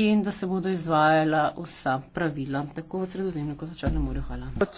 in da se bodo izvajala vsa pravila, tako v sredozemlju kot v Črnem morju. Hvala.